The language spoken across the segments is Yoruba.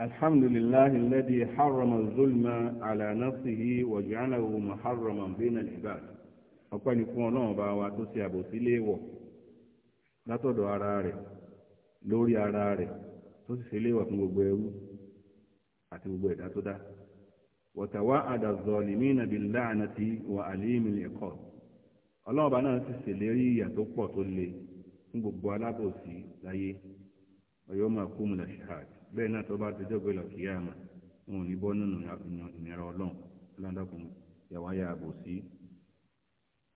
الحمد لله الذي حرم الظلم على نفسه وجعله محرما بين العباد ọpẹ́ ni fún ọlọ́run bá wa tó ṣe àbòsí léèwọ̀ látọ̀dọ̀ ara rẹ̀ lórí ara rẹ̀ tó sì ṣe léèwọ̀ fún gbogbo ẹrú àti gbogbo ẹ̀dá tó dá wọ̀tàwá àdàzọ̀lìmínà bíi láàánàtì wà àlímì ẹ̀kọ́ ọlọ́run bá náà sì ṣèlérí ìyà tó pọ̀ tó le fún gbogbo alábòsí láyé ọ̀yọ́ máa kú mu làṣáàdì bẹ́ẹ̀ náà tó bá ti jọ́gbé lọ kí yáàmà wọn ò ní bọ́ nínú ìnira ọlọ́run ládàkùn yàwá ya àbò sí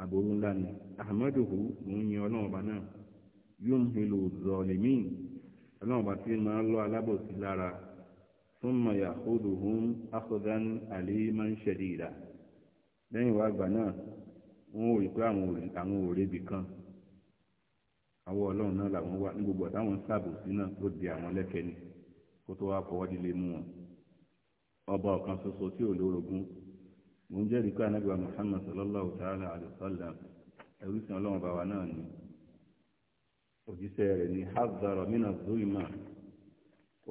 àbòrú ńlá ni ahmaduhu mò ń yin ọlọ́run ọba náà yumhilu zalimin ọlọ́run ọba tí máa ń lọ alábòsí lára thumma ya'khuduhum akhdan aliman shadida lẹ́yìn wá gbà náà wọn ò rí pé àwọn òrèbì kan àwọn ọlọ́run náà làwọn wà ní gbogbo àtàwọn sábòsí náà tó di àwọn lẹ́kẹ̀ẹ́ ni kó tó wá fọwọ́ líle mú wọn ọba ọ̀kan ṣoṣo tí ò lórogún mò ń jẹ́rìí pé anábìwá Muhammad sallallahu ta'ala alayhi wa sallam ẹrú sin ọlọ́run bá wa náà ni òjíṣẹ́ rẹ̀ ní hazara mina zulma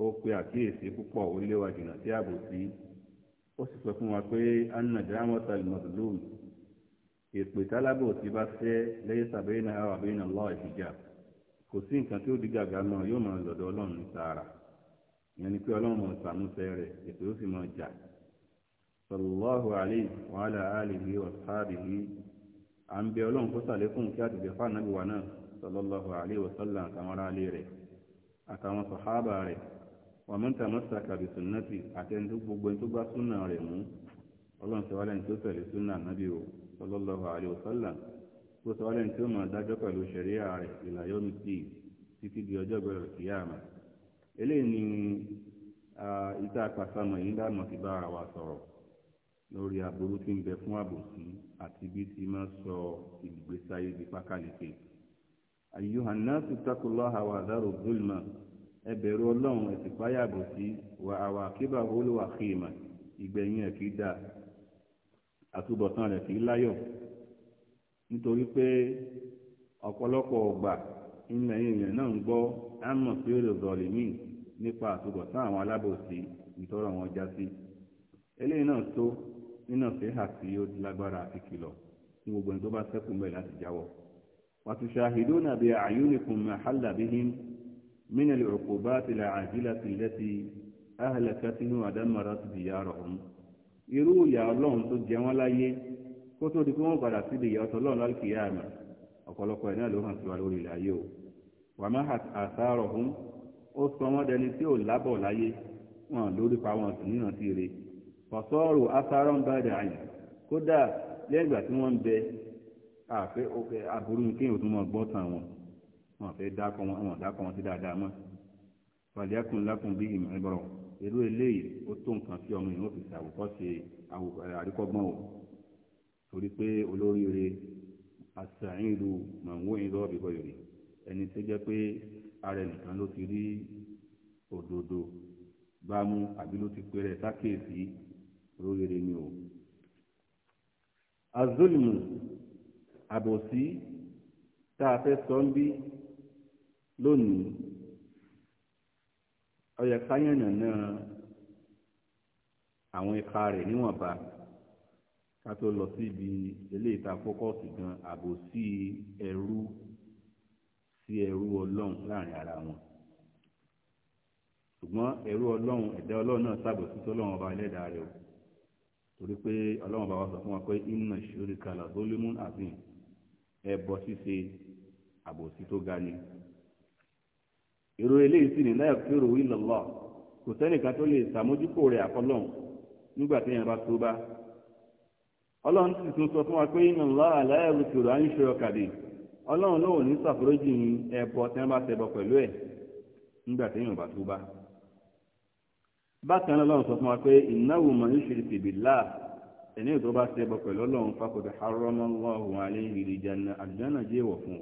ó pe àkíyèsí púpọ̀ ó léwà jìnnà sí àbòsí ó sì sọ fún wa pé anna dramata al-mazlum tálábò tí bá fẹ́ lẹ́yìn sàbẹ́yìn náà wà bẹ́yìn náà lọ́ọ̀ ìfìjà kò sí nǹkan tí ó di gàgà náà yóò máa lọ́dọ̀ ọlọ́run ní sàárà ìyẹn ni pé ọlọ́run ọ̀sàmúsẹ rẹ̀ ètò ó sì máa jà sallallahu alayhi wa ala alihi wa sahbihi à ń bẹ ọlọ́run kó sàlékún kí àtìgbẹ́ fáànàbí wa náà sallallahu alayhi wa sallam àtàwọn aráalé rẹ̀ àtàwọn sàhábà rẹ̀ wa man tamassaka bi sunnati àtẹni tó gbogbo ẹni tó bá súnà rẹ̀ mú ọlọ́run sọ wálẹ̀ tó tẹ̀lé súnà eléyìí ni ìta àpàsámọ̀ yìí dáàmọ̀ ti bára wa sọ̀rọ̀ lórí aburú tí ń bẹ fún àbòsí àti bí ti máa sọ ìgbésí ayé di pákáleke. ayyuhan nasu taqullaha wa dharu zulma ẹ bẹ̀rù ọlọ́run ẹ sì páyà àbòsí wà àwà kíbà olú wà khima ìgbẹ̀yìn ẹ̀ kì í dáa àtúbọ̀tán rẹ̀ kì í láyọ̀ nítorí pé ọgbà ilẹ̀ èèyàn náà ń gbọ́ ámọ̀ pé èrò zọ̀lì míì nípa àtúbọ̀ tán àwọn alábòsí ìtọ́rọ̀ wọn já sí eléyìí náà tó nínà sí hà tí ó ti lágbára àti kìlọ̀ fún gbogbo ẹni tó bá sẹ́kù mẹ́rin láti jáwọ́ wàtúnṣàhìdó nàbí àyúnìkùn mahalla bihim mínà lè rọ̀pọ̀ bá tilẹ̀ àjílá tilẹ̀ ti áhàlẹ̀ kẹtínú àdámọ̀rá ti dìyà rọ̀ ọ̀hún irú ìyà ọlọ́run tó jẹ wọ́n láyé kó tó di pé wọ́n padà síbi ìyà ọ̀tọ̀ ọlọ́run lálùkìyà àmà ọ̀pọ̀lọpọ̀ ẹ̀ náà ló hàn sí lórí ilẹ̀ ayé o wàmá àsáárọ̀ hún ó sọ wọ́n dẹni tí ò lábọ̀ láyé wọn lórí pa wọn sì níran sí re fọ̀sọ́ọ̀rù asáárọ̀ ń bá dà àyàn kódà lẹ́yìn ìgbà tí wọ́n ń bẹ àfẹ́ aburú ní kéèyàn tó mọ̀ gbọ́ tàn wọn wọn fẹ́ dákọ̀ wọn wọn dákọ̀ wọn sí dáadáa mọ́ fàlíàkùn lákùn bí ìmọ̀ ẹgbọ̀rọ̀ èrú eléyìí ó tó nǹkan tí ọmọ yìí ó fi ṣàwòkọ́ ṣe àríkọ́gbọ́n o torí pé olóríire àṣàyìn ìlú màwó ìlú ọ̀bí bọ́yọ̀ rèé ẹni tó jẹ́ pé ara ẹnìkan ló ti rí òdodo gbámú àbí ló ti pèrè sákèésí oríire ni o. azulmu àbòsí tá a fẹ́ sọ ń bí lónìí ọyẹ káyọ̀nà náà àwọn ẹ̀ka rẹ̀ níwọ̀nba ká tó lọ síbi eléyìí tá a fọ́kọ̀sì gan àbòsí ẹrú sí ẹrú ọlọ́run láàrin ara wọn ṣùgbọ́n ẹrú ọlọ́run ẹ̀dá ọlọ́run náà sábò sí tọ́lọ́run ọba ẹlẹ́dàá rẹ̀ o torí pé ọlọ́run ọba wa sọ fún wa pé inna shirka la zulmun azim ẹbọ ṣíṣe àbòsí tó ga ni èrò eléyìí sì ní láyọ̀ pé ròwí lọ́lọ́ kò sẹ́nìkan tó lè ṣàmójúkò rẹ̀ àfọlọ́run nígbà tí yẹn bá tó bá ọlọ́run sì tún sọ fún wa pé inna Allah la yaghfiru an yushraka bihi ọlọ́run náà ò ní ṣàforíjì ẹbọ tí wọ́n bá ṣẹbọ pẹ̀lú ẹ̀ nígbà tí èèyàn bá tó bá. bákan náà ọlọ́run sọ fún wa pé ìnáwó mọ̀ yushrik billah ẹni tó bá ṣẹbọ pẹ̀lú ọlọ́run faqad harramallahu alayhi al-janna àlùjáná jẹ́ ìwọ̀ fún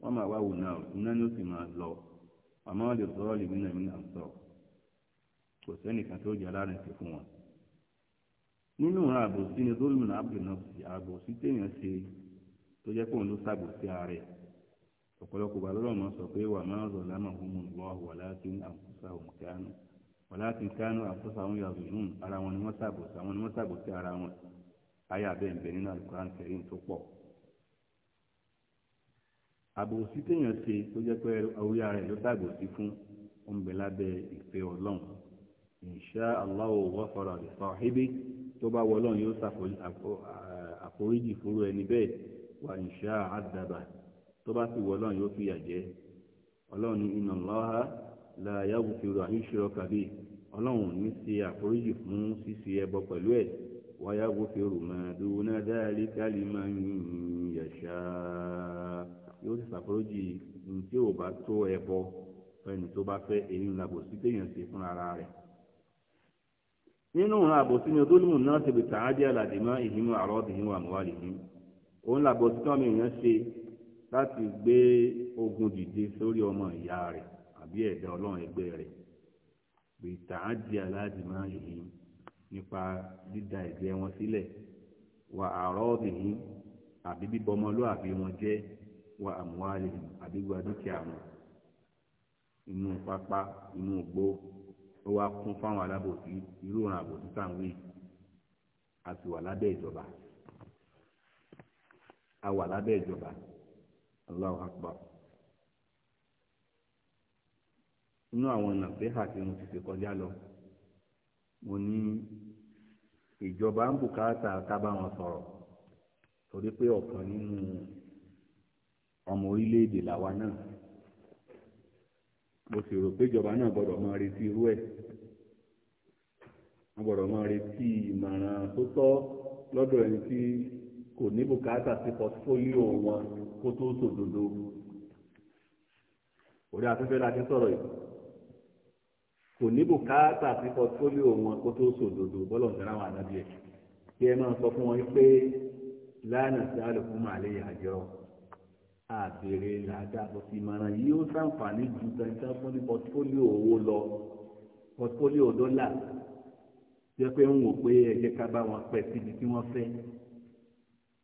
wọn máa wá wò náà iná ni ó sì máa lọ àmọ́ lè sọ́ọ́ lè mí náà náà sọ kò sẹ́nìkan tó jẹ́ alárin sí fún wọn nínú ààbò ni zolmin abdul nafsi ààbò téèyàn ṣe tó jẹ́ pé òun ló ṣàgbò sí ara rẹ̀ ọ̀pọ̀lọpọ̀ bá lọ́rọ̀ mọ́ sọ pé wà máa ń rọ̀ lámà húnmù lọ́wọ́ wà láti àǹfọ̀sà òun kánú wà láti kánú àǹfọ̀sà òun yàgò ìhùn ara wọn ni wọ́n ṣàgbò sí àwọn ni wọ́n ṣàgbò sí ara wọn ayé abẹ́ǹbẹ́ nínú Al-Qur'an tó pọ̀. àbòsí téèyàn ṣe tó jẹ́ pé orí ara ẹ̀ ló ṣàgbò sí fún oúnjẹ lábẹ́ ìfẹ́ ọlọ́run insha Allah ghafara li sahibi tó bá wọ yóò wa ń ṣá àdàbà tó bá sì wọ ọlọ́run yóò fi jẹ ọlọ́run ní inna Allaha la yaghfiru an yushraka bihi ọlọ́run ní ṣe àforíjì fún ṣíṣe ẹbọ pẹ̀lú ẹ̀ yóò ṣàforíjì ní tí ò bá tó ẹbọ fẹ́ni tó bá fẹ́ èyí ńlá bò sí téèyàn ṣe fúnra rẹ̀ nínú àbòsí ni odólùmù náà ti bìtà ájẹ́ àlàdìmọ́ àrọ́bìnrin wà òun làbọ̀ tí tọ́mì èèyàn ṣe láti gbé ogun dìde sórí ọmọ ìyá rẹ̀ àbí ẹ̀dá ọlọ́run ẹgbẹ́ rẹ̀ bìtà á di aláàdìmọ́ yìí nípa dídá ẹ̀jẹ̀ wọn sílẹ̀ wà àárọ̀ ọ̀bìnrin àbí bíbọmọlúàbí wọn jẹ́ wa àmúhálì àdúgbò dúkìá wọn inú pápá inú igbó ó wá kún fáwọn alábòsí irú ìrìn àbòsí táwọn yìí a sì wà lábẹ́ ìjọba a wà lábẹ́ ìjọba Allahu Akbar inú àwọn nàfẹ́hà tí mo ti fi kọjá lọ mo ní ìjọba ń bùkátà ká bá wọn sọ̀rọ̀ torí pé ọ̀kan nínú ọmọ orílẹ̀-èdè làwa náà mo sì rò pé ìjọba náà gbọ́dọ̀ máa retí irú ẹ̀ wọ́n gbọ́dọ̀ máa retí ìmọ̀ràn tó tọ́ lọ́dọ̀ ẹni tí kò ní bùkátà sí pọtifólíò wọn kó tó sòdodo orí afẹ́fẹ́ la ti sọ̀rọ̀ yìí kò ní bùkátà sí pọtifólíò wọn kó tó sòdodo bọ́lọ̀ nǹkan àwọn àdábì ẹ̀ kí ẹ máa sọ fún wọn pé lánà sí àlùkùn màálé àjọ àbèrè làdàbọ̀ sí ìmọ̀ràn yìí ó sàǹfààní ju tẹ̀sán fún ní pọtifólíò owó lọ pọtifólíò dọ́là jẹ́ pé ń wò pé ẹ jẹ́ ká bá wọn pẹ̀ síbi tí wọ́n fẹ́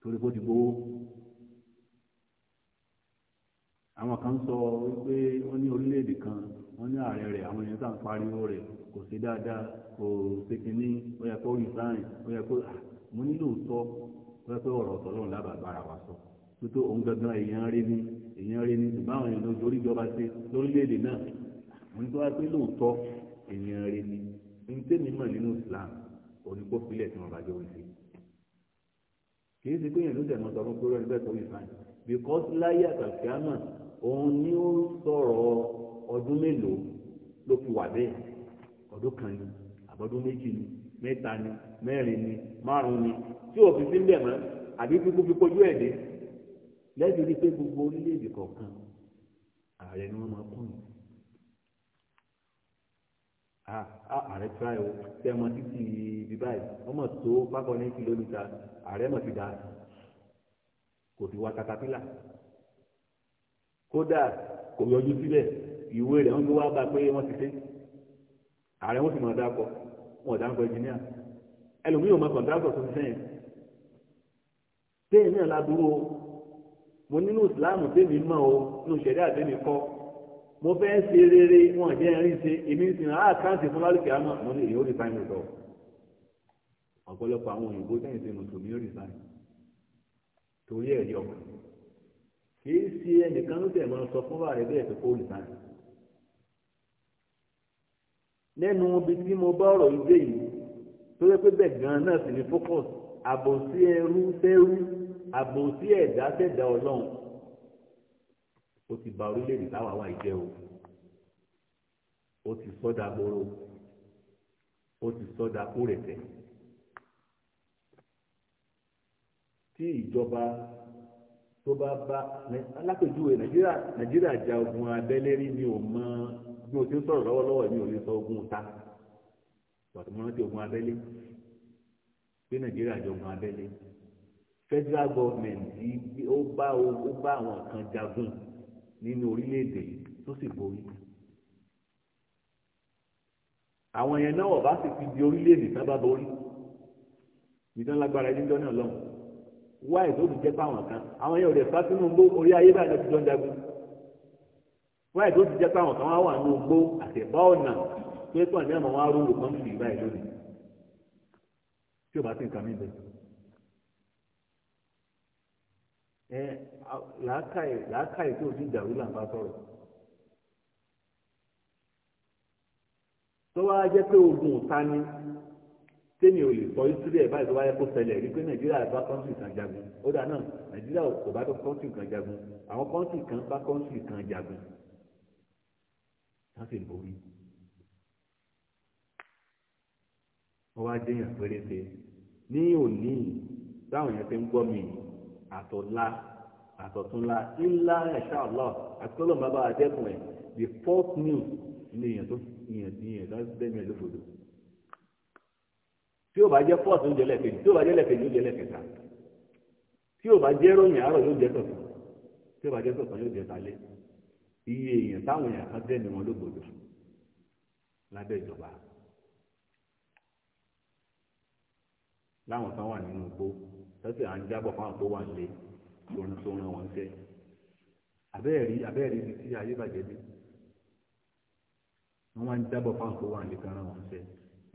torí kó ti gbowó àwọn kan sọ wípé wọ́n ní orílẹ̀-èdè kan wọ́n ní ààrẹ rẹ̀ àwọn èèyàn sàn pariwo rẹ̀ kò sí dáadáa kò ṣe kínní ó yẹ kó resign ó yẹ kó ah, mo nílò sọ ó yẹ kó ọ̀rọ̀ ọ̀tọ̀lọ́run lábàbára wa sọ tótó òun gangan èèyàn rí ni èèyàn rí ni ṣùgbọ́n àwọn èèyàn lójú oríjọba ṣe lórílẹ̀-èdè náà mo ní tó wá pé lóòótọ́ èèyàn rí ni ní tèmi mọ̀ nínú Islam òní kó filẹ̀ tí wọ́n bá jọ wí sí kìí ṣe pé èèyàn ló tẹ̀mọ́ sọ fún pé rẹ́ni bẹ́ẹ̀ kò rí fáìn because láyé àtàkìámà òun ni ó sọ̀rọ̀ ọdún mélòó ló fi wà bẹ́ẹ̀ ọdún kan ni àbọ̀dún méjì ni mẹ́ta ni mẹ́rin ni márùn ni tí òfin fi ń bẹ̀ mọ́ àbí kíkú fi kojú ẹ̀ dé lẹ́yìn rí pé gbogbo orílẹ̀-èdè kọ̀ọ̀kan ààrẹ ni wọ́n máa kún yìí ààrẹ tíráì o tẹ ọmọ títì ibi báyìí ọmọ tó five hundred kìlómítà ààrẹ mọ̀ fi dà kò fi wá katapila kódà kò yọjú sílẹ̀ ìwé rẹ̀ wọ́n gbé wá bá pé wọ́n ti ṣe ààrẹ wọ́n sì mọ̀ dákọ̀ wọ́n dákọ̀ ẹnjìníà ẹlòmíràn mọ̀ kọ̀ǹtàkọ̀ tó ti sẹ́yìn téèyàn náà ládùúgbò mo nínú ìsìláàmù tèmi mọ̀ o nínú ìṣẹ̀dá tèmi kọ́ mo fẹ́ ṣe rere wọn jẹ́ ẹ̀rín ṣe èmi ń sinmi àkáǹtì fún lálùkì àmọ́ mo lè yóò resign lọ ọ̀pọ̀lọpọ̀ àwọn òyìnbó tẹ̀yìn ṣe mùsùlùmí yóò resign torí ẹ̀rí ọkàn kì í ṣe ẹnìkan ló tẹ̀ máa sọ fún wa rẹ̀ bẹ́ẹ̀ pé kó resign lẹ́nu ibi tí mo bá ọ̀rọ̀ ilé yìí tó yẹ pé bẹ́ẹ̀ gan-an náà sì ní focus àbòsí ẹrú fẹ́rú àbòsí ẹ̀dá tẹ̀dá ọlọ́run ó ti ba orílẹ̀-èdè táwa wà jẹ́ o ó ti sọ́dà gbòòrò ó ti sọ́dà kúrẹ̀tẹ̀ tí ìjọba tó bá bá alápèjúwe nàìjíríà nàìjíríà ja ogun abẹ́lé rí mi ò mọ bí o ti ń sọ̀rọ̀ lọ́wọ́lọ́wọ́ mi ò lè sọ ogun ta pàtàkì ogun abẹ́lé pé nàìjíríà jọ ogun abẹ́lé federal government ó bá àwọn kan jagun nínú orílẹ̀-èdè yìí tó sì borí àwọn yẹn náà ọba sì fi di orílẹ̀-èdè sábà borí nìkan lágbára níjọ́ náà lọ́hùn wá ìdóòdù jẹ́ fáwọn kan àwọn yẹn ò lè fásínú gbó orí ayé báyìí lọ́sí jọ́ń jagun wá ìdóòdù jẹ́ fáwọn kan wá wà nínú gbó àtẹ̀bá ọ̀nà pé pọ̀ ní àmọ́ wọn á rú olùkọ́ níbi ìbáyìí lónìí tí ò bá sì ń kàmí bẹ́ẹ̀. ẹ làákàyè làákàyè tó ti dàrú là ń bá sọ̀rọ̀ tó wá jẹ́ pé ogun ta ni tẹ́mi ò lè sọ ìsírí ẹ̀ báyìí tó wáyé kó ṣẹlẹ̀ rí pé nàìjíríà bá kọ́ńtì kan jagun ó dà náà nàìjíríà kò bá tó kọ́ńtì kan jagun àwọn kọ́ńtì kan bá kọ́ńtì kan jagun wọ́n borí wọ́n wá jẹ́yàn péréte ní òní táwọn yẹn ti ń gbọ́ mi yìí àtọ̀la àtọ̀túnla ńlá ẹ̀ṣá ọ̀la àtọ́lọ̀ bàbá àjẹkùn ẹ̀ the false news ní èèyàn tó èèyàn tí èèyàn láti bẹ́ẹ̀ mẹ́rin lófòdò tí ò bá jẹ́ false ló jẹ́ lẹ́ẹ̀kejì tí ò bá jẹ́ lẹ́ẹ̀kejì ló jẹ́ lẹ́ẹ̀kẹta tí ò bá jẹ́ ròyìn àárọ̀ yóò jẹ́ tọ̀tún tí ò bá jẹ́ tọ̀tún yóò jẹ́ talé iye èèyàn táwọn èèyàn kan bẹ́ẹ̀ ni wọn lófòdò lábẹ́ ìjọba láwọn kan wà nínú gbogbo lọ́sẹ̀ à ń jábọ̀ fáwọn tó wà nílé lórí tó ràn wọ́n sẹ́ abẹ́ẹ̀rí abẹ́ẹ̀rí ibi tí ayé bàjẹ́ dé wọ́n wá ń jábọ̀ fáwọn tó wà nílé kan ràn wọ́n sẹ́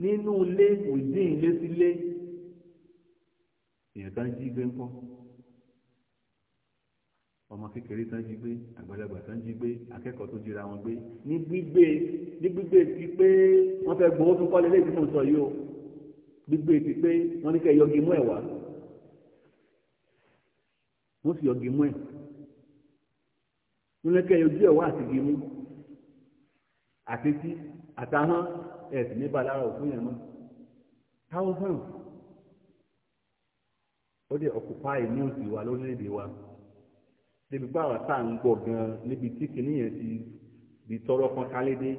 nínú ilé wìdín ilé sílé èèyàn tá jí gbé ń pọ́ ọmọ kékeré tá jí gbé àgbàlagbà tá jí gbé akẹ́kọ̀ọ́ tó jíra wọn gbé ní gbígbé ní gbígbé ti pé wọ́n fẹ́ gbowó fún kọ́lé lẹ́yìn tí mo sọ yìí o gbígbé ti pé wọ́n ní kẹ́ yọgi mú ẹ̀ wá wọ́n sì yọgi mú ẹ̀ nílẹ̀kẹ́ ojú ẹ̀ wá àti gímú àtẹ́tí àtàhán ẹ̀ sì ní balára òfin yẹn mọ́ thousands ó dẹ̀ occupy news wa lórílẹ̀‐èdè wa débi pé àwọn táà ń gbọ́ gan-an níbi tí kìíní yẹn ti di tọrọ kan kálédé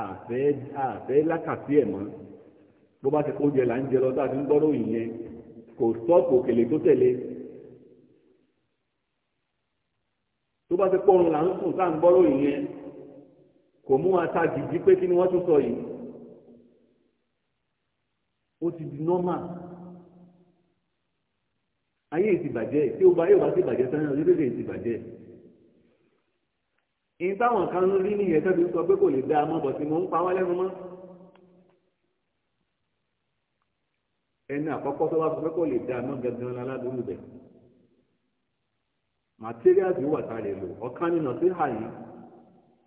àfẹ́ lákàtí ẹ̀ mọ́ bó bá ti kó jẹ là ń jẹ lọ tá a ti ń gbọ́dọ̀ yìnyẹn kò sọ́ọ̀pù òkèlè tó tẹ̀lé tó bá ti pọ́run là ń sùn tá à ń gbọ́rọ̀ ìyẹn kò mú ata jìjì pé kí ni wọ́n tún sọ yìí ó ti di nọ́mà ayé ti bàjẹ́ tí ó bá yóò bá ti bàjẹ́ sẹ́yìn orílẹ̀-èdè ti bàjẹ́ ìyẹn táwọn kan ń rí nìyẹn tẹ́bi sọ pé kò lè dá a mọ́ bọ̀ mo ń pa wá mọ́ ẹni àkọ́kọ́ tó bá sọ pé kò lè dá a mọ́ gẹ́gẹ́ lọ́la lórí bẹ́ẹ̀ materials yìí wà tá a lè lò ọ̀kan nínà sí àyè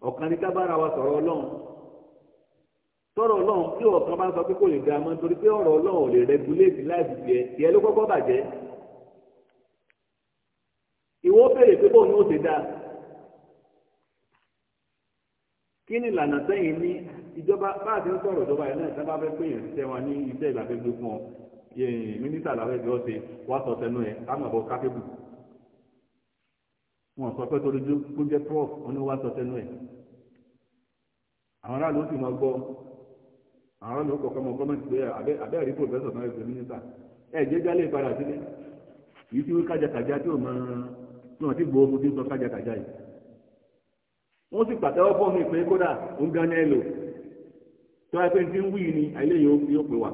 ọ̀kan ní kábàárà wa sọ̀rọ̀ ọlọ́run sọ̀rọ̀ ọlọ́run tí ọ̀kan bá sọ pé kò lè da mọ́ nítorí pé ọ̀rọ̀ ọlọ́run ò lè regulate láìsí tiẹ̀ tiẹ̀ ló kọ́kọ́ bàjẹ́ ìwọ béèrè pé bóun ni ó ṣe dáa kí ni ìlànà sẹ́yìn ní ìjọba bá a ti ń sọ̀rọ̀ ìjọba yẹn náà ìjọba fẹ́ pé èèyàn ṣiṣẹ́ wọn ní iṣẹ́ ìgbàgbẹ́gbẹ́ fún ọ mínísítà làwọn ẹgbẹ́ ọ̀sẹ̀ wá sọ tẹnu ẹ̀ ká mọ̀ bọ́ káfíńkù wọn sọ pé torí kó jẹ́ prof oníwà sọ tẹnu ẹ̀ àwọn aráàlú sì máa gbọ́ àwọn aráàlú kọ̀ọ̀kan mọ gọ́ọ̀mẹ̀ntì pé abẹ́ àrí pòfẹ́sọ̀ náà ẹ̀sẹ̀ mínísà ẹ̀ jẹ́ jálè padà sílé yìí tí wọ́n kájàkájà tí ò máa tí wọ́n ti gbowó fún tí ń sọ kájàkájà yìí wọ́n sì pàtẹ́wọ́ fọ́ mi pé kódà ń gan ní ẹ lò tó wáyé pé ti ń wí ni àìlè yóò pè wá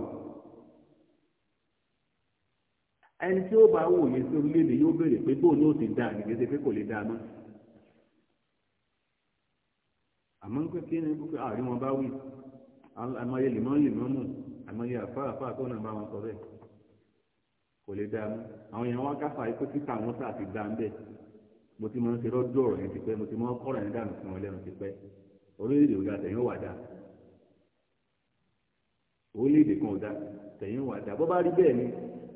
ẹni tí ó bá wòye sí orílẹ̀-èdè yóò béèrè pé bóun ni ó ti dáa nìyẹn ṣe pé kò lè dáa mọ́ àmọ́ ń pè kí ni pé àrí wọn bá wí àmọye lèmọ́ lèmọ́ mù àmọye àfa àfa tó nà bá wọn sọ bẹ́ẹ̀ kò lè dáa mọ́ àwọn èèyàn wá káfà yìí pé títà wọn sáà ti dáa ń bẹ́ẹ̀ mo ti máa ń ṣe lọ́jọ́ ọ̀rọ̀ yẹn ti pẹ́ mo ti máa ń kọ́ra yẹn dànù fún ọ lẹ́nu ti pẹ́ orílẹ̀-èdè ò orílẹ̀-èdè kan ò tẹ̀yìn wà dáa bó bá rí bẹ́ẹ̀ ni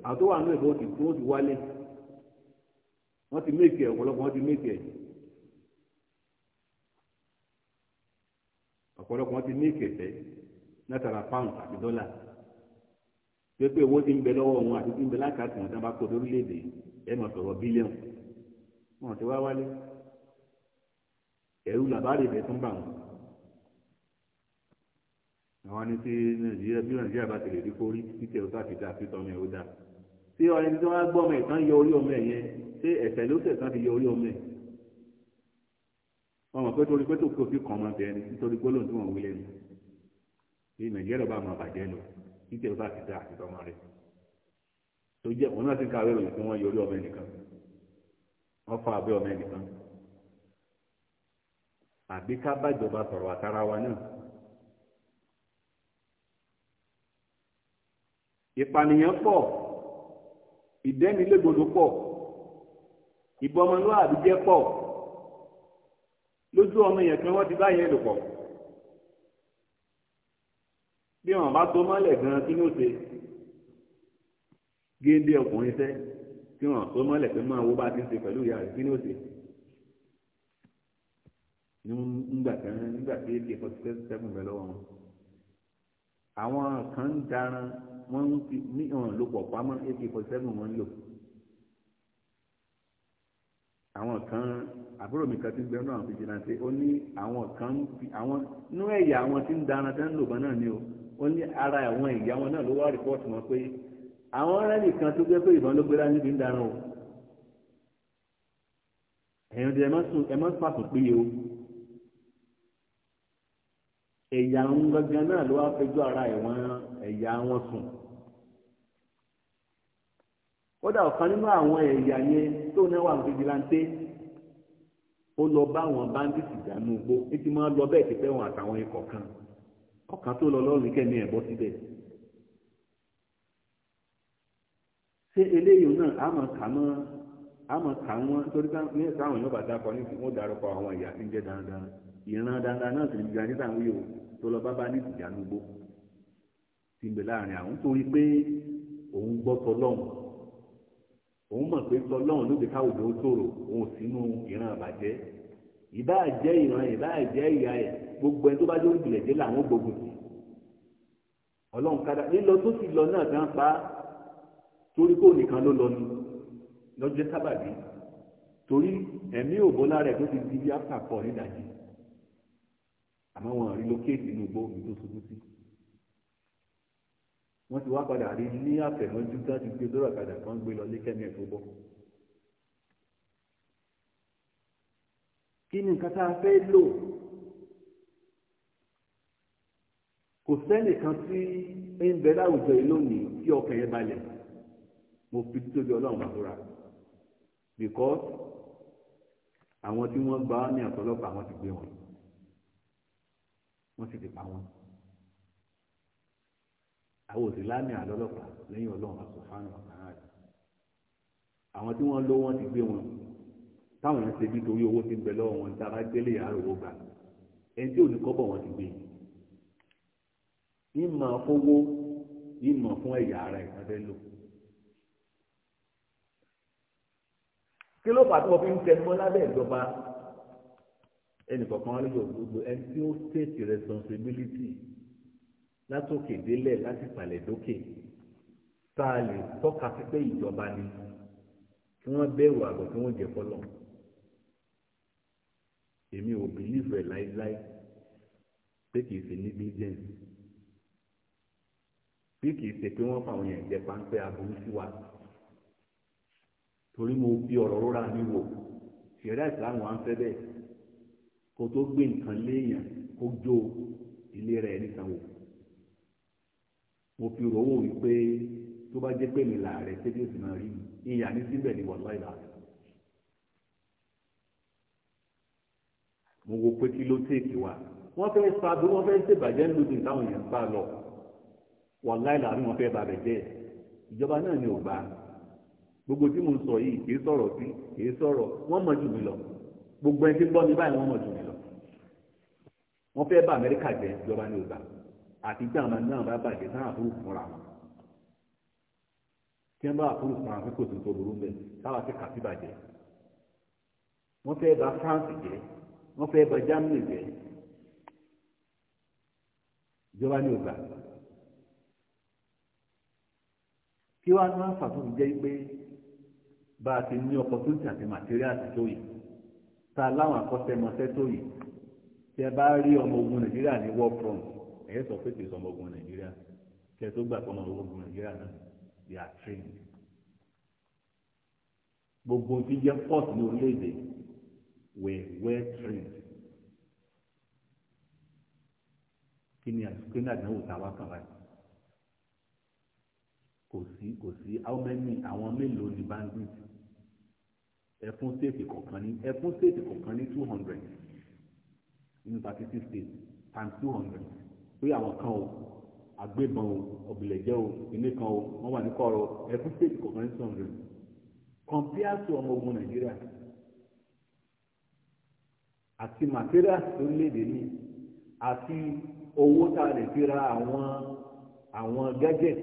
àwọn tó wà nínú ẹ̀kọ́ ti tó ti wálé wọ́n ti méèkì ẹ̀ ọ̀pọ̀lọpọ̀ wọ́n ti méèkì ẹ̀ ọ̀pọ̀lọpọ̀ wọ́n ti méèkì ẹ̀tẹ́ látara pound àti dọ́là pé pé owó ti ń bẹ lọ́wọ́ wọn àti ti ń bẹ lákàtì wọn tí wọ́n bá kó lórílẹ̀‐èdè ẹ̀ mọ̀ sọ̀rọ̀ bílíọ̀nù wọn ti wá wálé ẹ̀rù làbárí ibẹ̀ tún bà wọn àwọn ní sí nàìjíríà bí nàìjíríà bá tẹ̀lé rí kórí títẹ̀ ó sáfìdá títọ́ mi ó dáa ṣé ọ̀rẹ́ tí wọ́n gbọ́ ọmọ ìtàn yọ orí ọmọ ẹ̀ yẹn ṣé ẹ̀fẹ̀ ló sẹ̀ tán fi yọ orí ọmọ ẹ̀ wọn pé torí pé tó kí o fi kàn ọmọ bẹ́ẹ̀ ni nítorí gbólóhùn tí wọ́n wí lẹ́nu ní nàìjíríà bá máa bàjẹ́ lọ títí ẹ̀ bá ti dá àti tọmọ rẹ̀ tó jẹ́ òun náà ti kàwé ròyìn tí wọ́n yọ orí ọmọ ẹnìkan wọ́n fa abẹ́ ọmọ ẹnìkan àbí ká bàjọba sọ̀rọ̀ àtàrà wa náà ìpànìyàn pọ̀ ìdẹ́nilégbodò pọ̀ ìbọmọlúwàbí jẹ́ pọ̀ lójú ọmọ yẹn kan wọ́n ti bá yẹn lò pọ̀ bí wọn bá tó mọ́lẹ̀ gan-an kí ló ṣe géńdé ọkùnrin sẹ́ tí wọn tó mọ́lẹ̀ pé máa wo bá ti ń ṣe pẹ̀lú ìyá rẹ̀ kí ló ṣe nígbà tí nígbà tí èdè forty seven bẹ lọ́wọ́ wọn àwọn kan ń daran wọ́n ń fi ní ìwọ̀n ló pọ̀ pamọ́ ak forty seven wọ́n ń lò àwọn kan àbúrò mi kan ti ń bẹ náà fìdí náà ṣe ó ní àwọn kan ń fi àwọn nú ẹ̀yà àwọn tí ń daran tẹ́ ń lò bọ́ náà ni o ó ní ara àwọn ìyá wọn náà ló wá rìpọ́ọ̀tì wọn pé àwọn rẹ́lì kan tó gbé pé ìbọn ló gbéra níbi ń daran o ẹ̀yin ọdẹ ẹ má sùn ẹ má pàtó péye o ẹ̀yà ń gangan náà ló wá fẹjọ́ ara ẹ̀wọ̀n ẹ̀yà wọn sùn kódà ọ̀kan nínú àwọn ẹ̀yà yẹn tó náà wà fìdílàntè ó lọ bá àwọn báńdíìtì dànù gbó ní máa lọ bẹ́ẹ̀ àtàwọn ikọ̀ kan ọ̀kan tó lọ lọ́rùn kẹ́mi ẹ̀ bọ́ síbẹ̀ ṣé eléyìí náà àmọ̀ kà mọ́ wọ́n torí ìran dandan náà sì ń gbà níta wí o tó lọ bábá ní ìjànú gbó ti gbè láàrin àwọn torí pé òun gbọ́ tọlọ́hún òun mọ̀ pé tọlọ́hún ló ti káwùjọ ó tòrò òun sínú ìran àbàjẹ́ ìbáà jẹ́ ìran ẹ̀ ìbáà jẹ́ ìyá ẹ̀ gbogbo ẹni tó bá dórí ìbìlẹ̀ jẹ́ làwọn gbógun tì ọlọ́run kádà lílọ tó sì lọ náà gan pa torí kó nìkan ló lọ ni lọ́jọ́ sábàbí torí ẹ̀mí òbó lára ẹ̀ tó ti di bí áfà pọ̀ nídàájí àmọ́ wọn rí lókèèdì inú igbó omi tó ṣubú sí wọ́n ti wá padà rí ní àfẹ̀mọ́jú tí wọ́n ti gbé lórí ọ̀kadà kan gbé lọ lékẹ́mi ẹ̀ tó bọ́. kí ni nǹkan tá a fẹ́ lò kò sẹ́nìkan tí ń bẹ láwùjọ yìí lónìí tí ọkàn yẹn balẹ̀ mo fi títóbi ọlọ́run àbúrà because àwọn tí wọ́n gbà ní àtọ́lọ́pàá àwọn ti gbé wọn wọ́n sì ti pa wọ́n. àwọn òsì lámì àlọ́lọ́pàá lẹ́yìn ọlọ́run àsọ̀fáàní ọ̀kàrà rẹ̀. àwọn tí wọ́n lówó wọn ti gbé wọn táwọn yẹn ṣe bí torí owó ti ń bẹ lọ́wọ́ wọn tá a bá gbélé yàrá owó gbà ẹni tí ò ní kọ́bọ̀ wọn ti gbé ìmọ̀ fowó ìmọ̀ fún ẹ̀yà ara ìtàfẹ́ lò. kí ló fà tó o fi ń tẹnu mọ́ lábẹ́ ìjọba ẹnìkọ̀ọ̀kan rí gbogbo ẹni tí ó tètè responsibility látòkè délẹ̀ láti pàlẹ̀ dókè tá a lè tọ́ka sí pé ìjọba ni kí wọ́n bẹ̀rù àgọ́ tí wọ́n jẹ fọlọ́ èmi ò bìlífù ẹ̀ láéláé pé kìí ṣe negligence bí kìí ṣe pé wọ́n fàwọn yẹn jẹ páńpẹ́ aburú sí wa torí mo bí ọ̀rọ̀ rọra mi wò ṣẹ̀dá ìsìlámù wa ń fẹ́ bẹ́ẹ̀ kó tó gbé nǹkan léèyàn kó jó ilé rẹ̀ nìkan wò mo fi rò wò wípé tó bá jẹ́ pé mi là rẹ̀ ṣé bí o sì máa rí mi ìyá ní síbẹ̀ ni wọ́n láì láàrin. mo wo pé kí ló téèkì wa wọ́n fẹ́ fa bí wọ́n fẹ́ ṣèbàjẹ́ ń lòdì táwọn èèyàn bá lọ wọ́n láì láàrin wọn fẹ́ ba bẹ̀ jẹ́ ìjọba náà ni ò gbà gbogbo tí mo sọ yìí kì í sọ̀rọ̀ sí kì í sọ̀rọ̀ wọ́n mọ̀ jù mí lọ gbogbo ẹni tí gbọ́ mi báyìí wọ́n mọ̀ jù wọ́n fẹ́ bá amẹ́ríkà jẹ́ ìjọba ní ọgbà àti tí àwọn náà bá bàjẹ́ sáà fún ìfúnra wọn tí wọ́n bá fún ìfúnra fún kòtò tó burú mbẹ́ sáwà sí bàjẹ́ wọ́n fẹ́ bá france jẹ́ wọ́n fẹ́ bá germany jẹ́ ìjọba ní ọgbà kí wàá ní wọn fàtó jẹ́ pé bá a ti ní opportunity àti material tó yìí tá a láwọn akọ́ṣẹ́mọṣẹ́ tó yìí tí ẹ bá rí ọmọ ogun nàìjíríà ní war front ẹ̀yẹ sọ pé kìí sọ ọmọ ogun nàìjíríà kí ẹ tó gbà pé ọmọ ogun nàìjíríà náà they are trained gbogbo tí jẹ́ force ní orílẹ̀-èdè were well trained kí ni àsìkò ní àdánwò tá a wá kàn báyìí kò sí kò sí how many àwọn mélòó ni bandit ẹ fún kọ̀ọ̀kan ní ẹ fún kọ̀ọ̀kan ní two hundred. In thirty six states times two hundred pé àwọn kan o agbébọn o ọ̀bìlẹ̀jẹ́ o ilé kan o wọ́n wà ní kọ́ọ̀rọ̀ every state kọ̀ọ̀kan two compare to ọmọ ogun nàìjíríà àti materials lórílẹ̀‐èdè ní àti owó tá a lè fi ra àwọn àwọn gadget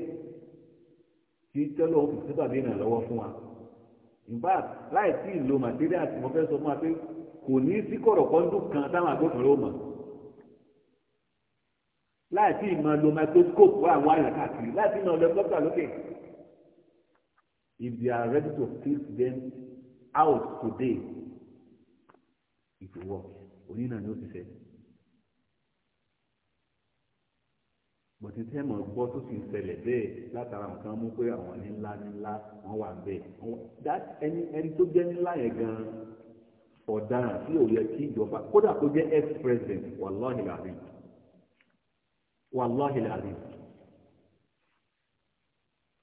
tí tẹ́lẹ̀ òfin sábàbí ìrànlọ́wọ́ fún wa in fact láì sí ìlò materials mo fẹ́ sọ fún wa pé kò ní sí kọ̀rọ̀kọ́ńdù kan táwọn agbófinró mọ̀ láti ìmọ̀ lo microscope wà wọ́n àyàn káàkiri láti ìmọ̀ lo dókítà lókè if they are ready to fix them out today it will work òní náà ni ó ti fẹ́ bọ̀tí tẹ́ mọ̀ gbọ́ tó sì ń ṣẹlẹ̀ bẹ́ẹ̀ látara nǹkan mú pé àwọn ní ńlá ní ńlá wọ́n wà bẹ́ẹ̀ ẹni tó jẹ́ ńlá yẹn gan-an. ọ̀daràn tí ò yẹ kí ìjọba kódà ex president wàláhì làrí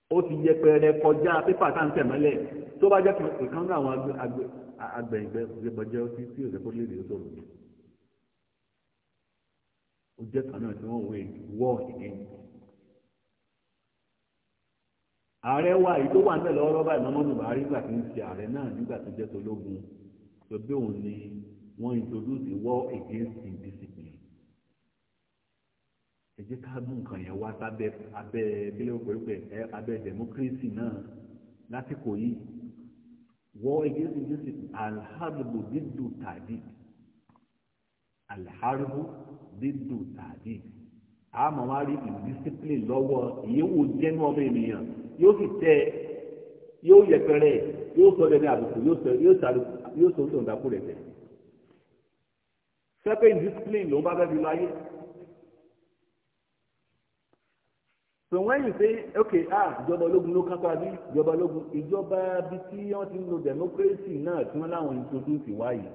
ó ti yẹpẹrẹ kọjá pépà tá n tẹ̀mọ́lẹ̀ tó bá jẹ́ ìkan ní àwọn agbẹ̀yìnbẹ̀ ìgbẹ́bọ̀jẹ́ tí tí ò lẹ́kọ́ léde tó rò ó jẹ́ kan náà tí wọ́n wé wọ́ ìdí ààrẹ wa èyí tó wà ń tẹ̀lé Buhari tí ń ṣe ààrẹ náà nígbà tó jẹ́ sọ pé òun ni wọ́n introduce the war against indiscipline ẹ jẹ́ ká mú nǹkan yẹn wá sábẹ́ abẹ́ bílẹ̀ pẹ̀lúpẹ̀ ẹ abẹ́ democracy náà lásìkò yìí war against indiscipline alharibu dídù tàdí alharibu dídù tàdí àmọ́ wá rí indiscipline lọ́wọ́ ìyẹ́wò jẹ́nu ọmọ ènìyàn yóò sì tẹ yóò yẹpẹrẹ yóò sọ ẹni àbùkù yóò sọ yóò sàlùkù yóò sọ nítorí ìdákù rẹ̀ tẹ̀. second discipline ló ń bá bẹ́ẹ̀ láyé. so when you say okay ah ìjọba ológun ló kápá bí ìjọba ológun ìjọba bí tí wọ́n ti ń lo democracy náà tí wọ́n láwọn introduce wáyé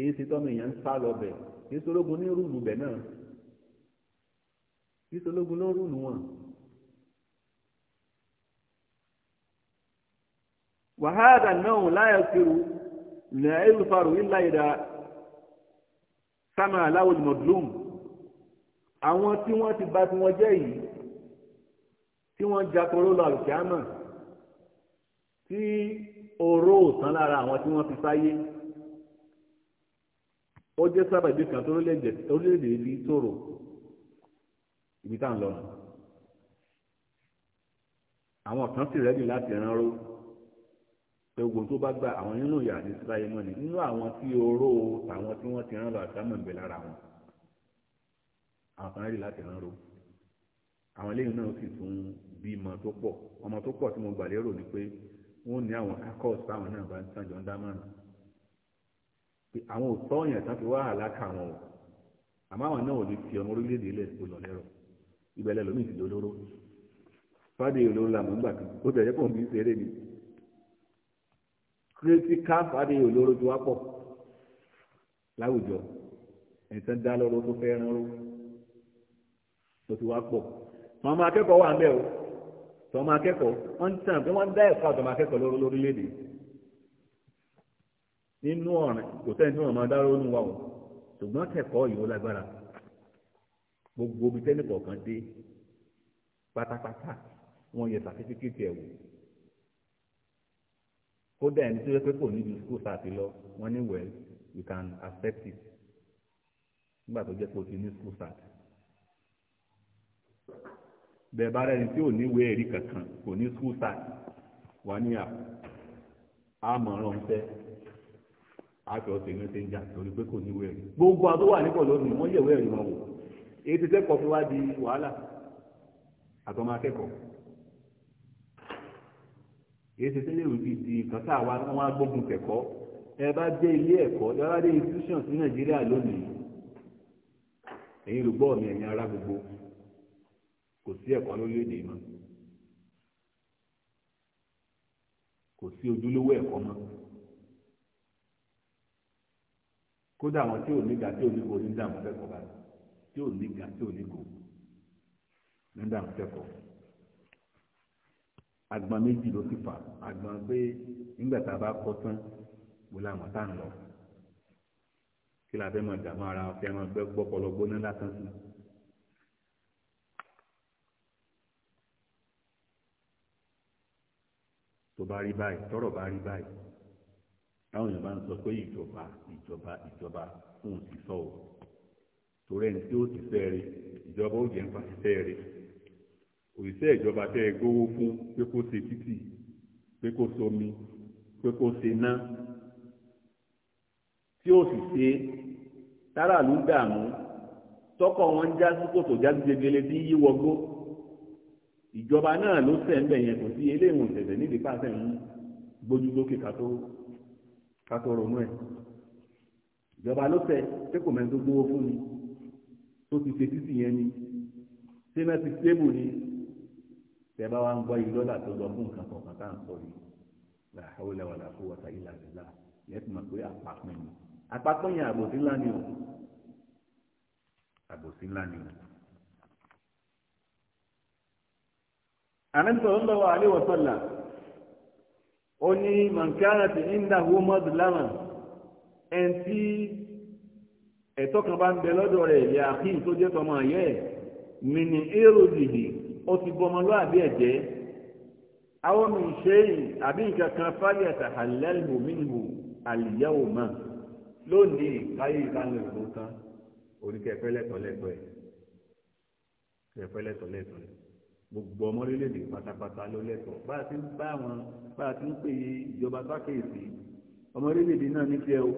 èyí ti tọ́nu èèyàn ń sá lọ bẹ̀ èyí sológun ní rúùlù bẹ̀ náà èyí sológun ló rúùlù wọn. wàhálà náà láyọ̀ kiri la yufaru إلا إذا سمع alawul madlum àwọn tí wọ́n ti bà tí wọ́n jẹ́ yìí tí wọ́n jakoro lọ àlùkìámà tí oró òsán lára àwọn tí wọ́n fi sáyé ó jẹ́ sábàbí kan tó orílẹ̀-èdè ibi tòrò tá à ń lọ àwọn kan sì rẹ́dì láti ránró pé ogun tó bá gba àwọn nínú ìyá ní síláyé mọ́ni nínú àwọn tí oró àwọn tí wọ́n ti rán lọ àtàmọ̀ ìbẹ̀ lára wọn àwọn kan rí láti rán ro àwọn eléyìí náà sì tún bí ìmọ̀ tó pọ̀ ọmọ tó pọ̀ tí mo gbà lérò ni pé wọ́n ní àwọn kakọ́ọ̀s táwọn náà bá ń tàn jọ ń dámọ̀ràn pé àwọn ò tọ́ ọ̀yàn tán fi wá àlákà wọn o àmọ́ àwọn náà ò ní fi ọmọ orílẹ̀-èdè ilẹ̀ tó lọ lẹ́rọ̀ ìbẹ̀lẹ̀ lómi ti dolóró fádé olóró làmọ́ tó tẹ̀lé pọ̀ ní ìṣeré ni kírẹ́tì káfà dé olóró tó wá pọ̀ láwùjọ ẹ̀sán dá lọ́rọ́ tó fẹ́ rán ró tó ti wá pọ̀ tọ́mọ akẹ́kọ̀ọ́ wà ń bẹ̀ o tọ́mọ akẹ́kọ̀ọ́ wọ́n ń tàn pé wọ́n ń dá ẹ̀ka tọ́mọ akẹ́kọ̀ọ́ lóró lórílẹ̀‐èdè nínú ọ̀rìn kò sẹ́ni tí wọ́n máa dá lóró nù wá o ṣùgbọ́n kẹ́kọ̀ọ́ yìí ó lágbára gbogbo ibi tẹ́nìkọ̀ọ̀kan dé pátápátá wọ́n yẹ sàtífíkẹ́tì kódà ẹni tó yẹ kò school sáàtì lọ wọ́n ní well you can accept it nígbà tó jẹ́ pé school sáàtì bẹ́ẹ̀ bá rẹ́ni tí ò ní kò ní school sáàtì wọ́n ní àmọ̀ràn fẹ́ àti ọ̀sẹ̀ ní ṣe ń jà torí pé kò ní gbogbo àwọn wà nípò lónìí wọ́n yẹ̀ wọn wò èyí di wàhálà akẹ́kọ̀ọ́. èyí ṣe tẹ́lẹ̀ òdì di nǹkan tá àwa wọn á gbógun kẹ̀kọ́ ẹ bá dé ilé ẹkọ ẹ dé institution sí nàìjíríà lónìí mi ara gbogbo kò sí ẹkọ èdè kò sí ojúlówó ẹkọ mọ kódà wọn tí ò ní tí ò ní agbọn méjì ló ti fà agbọn pé nígbà tá a bá kọ́ tán wò láwọn tá à ń lọ kí la fẹ́ máa dààmú ara fẹ́ máa gbẹ́ gbọ́pọlọ gbóná lásán sí. tó bá rí báyìí tọ́rọ̀ bá rí báyìí táwọn èèyàn bá ń sọ pé ìjọba ìjọba ìjọba fún òṣìṣọ́ o torí ẹni tí ó ti fẹ́ rí ìjọba ó jẹ́ ń fa ṣiṣẹ́ rí òṣìṣẹ́ ìjọba tẹ́ ẹ gbowó fún pé kó ṣe títì pé kó somi pé kó ṣe ná tí ó sì ṣe táràlú dààmú tọkọ wọn já sí kòtò já sí gegele bí yíwọgbó ìjọba náà ló sẹ̀ ń bẹ̀ yẹn kò sí eléwọ̀n tẹ̀lẹ̀ nídìí pàṣẹ ń gbójú lókè ká tó ronú ẹ̀ ìjọba ló sẹ̀ pé kò mẹ́rin gbówó fún ni tó ti ṣe títì yẹn ni ṣé náà ti stable ni tẹ bá wa ń gbọ́ yìí lọ́dà tó lọ fún nǹkan kọ̀ọ̀kan tá à ń sọ yìí la hawla wala quwwata illa billah yẹn ti mọ̀ pé àpapín ni àpapín yẹn àbòsí ńlá ni o àbòsí ńlá ni o. àmín sallallahu alaihi wa sallam ó ní man kanat indahu madlama ẹn tí ẹ̀tọ́ kan bá ń bẹ lọ́dọ̀ rẹ̀ yà kí n tó jẹ́ tọmọ yẹ mí ni èrò dìde ó ti bọ ọmọlúwàbí ẹ̀jẹ̀ àwọn mi ṣe yìí àbí nǹkan kan fálẹ̀ àtàlẹ́lù mímu àlìyáwó mọ́ lónìí káyé ìbánu ìlú tán oníkẹ́fẹ́ lẹ́tọ̀ọ́lẹ́tọ̀ ẹ̀ kẹ́fẹ́ lẹ́tọ̀ọ́lẹ́tọ̀ ẹ̀ gbogbo ọmọ orílẹ̀-èdè pátápátá ló lẹ́tọ̀ọ́ bá a ti ń bá àwọn bá a ti ń pè é ìjọba sákèèsì ọmọ orílẹ̀-èdè náà ní tiẹ̀ o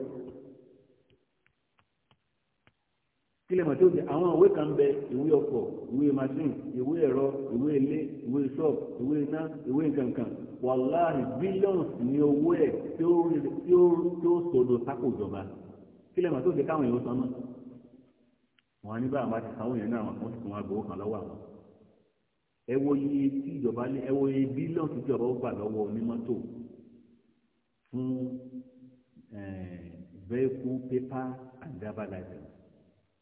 kí lè mọ̀ tó di àwọn ìwé kan bẹ ìwé ọkọ̀ ìwé machine ìwé ẹ̀rọ ìwé ilé ìwé shop ìwé iná ìwé nkankan wàláhì billions ní owó ẹ̀ tí ó sòdò sákò ìjọba kí lè mọ̀ tó di káwọn èèyàn sanmọ́ wọn á ní bá àbá ti sanwó yẹn náà wọn ti fún wa gbowó kan lọ́wọ́ àwọn ẹ wo iye tí ìjọba lé ẹ wo iye billions tí ìjọba ó gbà lọ́wọ́ onímọ́tò fún eh, vehicle paper and driver license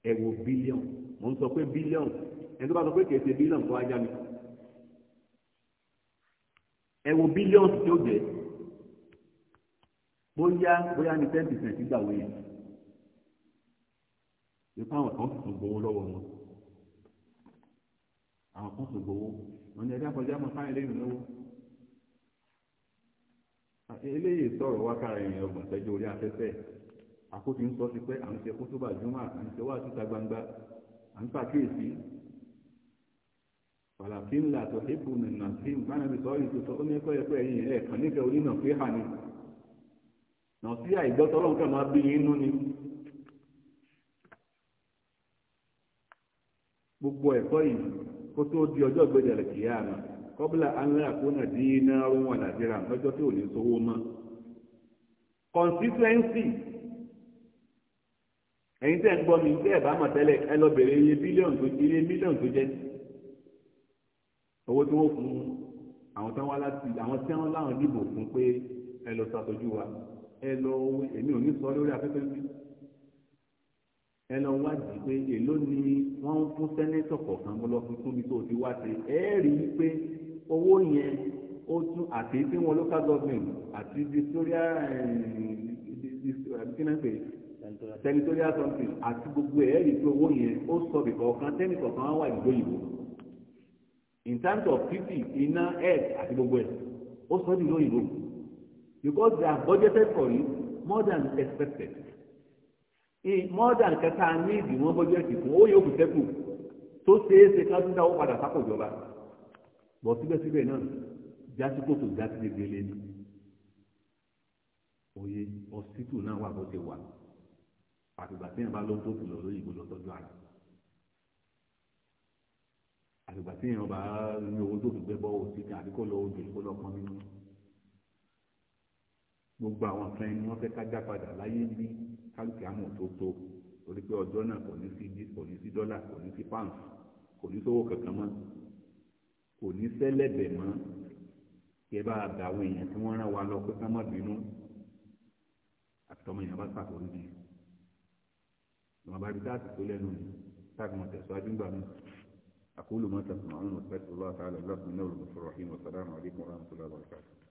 ẹ wo bílíọ̀n mo ń sọ pé bílíọ̀n ẹni tó bá sọ pé kìí ṣe bílíọ̀n tó ajá mi ẹ wo bílíọ̀n tí ó jẹ́ bóyá bóyá ní ten percent gbà wọlé nípa àwọn kan tuntun gbowó lọ́wọ́ wọn àwọn kan tuntun gbowó wọn ni ẹ̀dá kọjá mọ́ fáyìn lẹ́yìn lọ́wọ́ eléyìí sọ̀rọ̀ wákàrà èèyàn ọgbọ̀n sẹ́jú orí afẹ́fẹ́ àkótí ń sọ sí pé à ń ṣe kó tó bá jùmọ̀ à ń ṣe wá síta gbangba à ń pàkíyèsí fàlàfin là tó hépù nìyà sí ìbánabí sọ yìí tuntun ó ní ẹ̀kọ́ ẹ̀kọ́ ẹ̀yìn ẹ̀ kàn nífẹ̀ẹ́ onínà pé hà ni nà sí àìgbọ́tọ̀ ọlọ́nkà máa bí yín nú ni gbogbo ẹ̀kọ́ yìí kó tó di ọjọ́ ìgbẹ́jẹ̀lẹ̀ kìí àná kọ́bílà anlẹ́ àkóónà dín náírà wọn àdàdìrà lọ́jọ́ tí ò ní sówó mọ́ consistency ẹ̀yin tẹ́ ń gbọ́ mi tẹ́ ẹ̀ bá mọ̀ tẹ́lẹ̀ ẹ lọ bèrè iye bílíọ̀nù tó iye mílíọ̀nù tó jẹ́ owó tí wọ́n fún àwọn tí wọ́n láti àwọn tí wọ́n láwọn dìbò fún pé ẹ lọ ṣàtọ́jú wa ẹ lọ èmi ò ní sọ lórí afẹ́fẹ́ mi ẹ lọ wádìí pé èló ni wọ́n ń fún sẹ́nẹ́tọ̀ kọ̀ọ̀kan mo lọ fi fún mi tó ti wá ṣe ẹ rí i pé owó yẹn ó tún àti tí local government àti district territorial something àti gbogbo ẹ̀ ẹ̀rí pé owó yẹn ó sọ bìkọ́ kan tẹ́nì kọ̀ọ̀kan wà ìgbó ìbò in terms of fifty iná earth àti gbogbo ẹ̀ ó sọ bìkọ́ ìbò because they are budgeted for it more than expected more than kẹta ní ìdìwọ̀n bọ́jẹ́tì fún ó yóò fi sẹ́kù tó ṣeé ṣe ká tún dáwó padà sápò ìjọba bọ̀ síbẹ̀síbẹ̀ náà jásíkò tó jásí gbẹgbẹ lẹ́nu òye ọsítù náà wà bó ṣe wà àtìgbà tí èèyàn bá lóhun tó ti lọ lóyìnbó lọ tọ́jú àná àtìgbà tí èèyàn bá ní owó tó fi gbẹ bọ́ òsì kan àbí kó lọ odò kó lọ pọn nínú gbogbo àwọn kan ẹni wọ́n fẹ́ ká dá padà láyé bí kálukì àmọ̀ tó tó torí pé ọjọ́ náà kò ní sí kò ní sí dọ́là kò ní sí pounds kò ní sówó kankan mọ́ kò ní sẹ́lẹ̀bẹ̀ mọ́ kí ẹ bá da èèyàn tí wọ́n rán wa lọ pé ká má bínú àti tọmọ èèyàn bá ṣàkóso yìí wọn bá rí táàtì tó lẹ́nu ní táàtì wọn tẹ̀síwájú ń gbà mí àkólò mọ́tà sùn àwọn ọmọ ìfẹ́ tó lọ́wọ́ àtàlẹ́ lọ́sùn náà olùmọ̀sọ̀rọ̀ ìmọ̀ sàlámù alaykum wa rahmatullahi wa barakatuh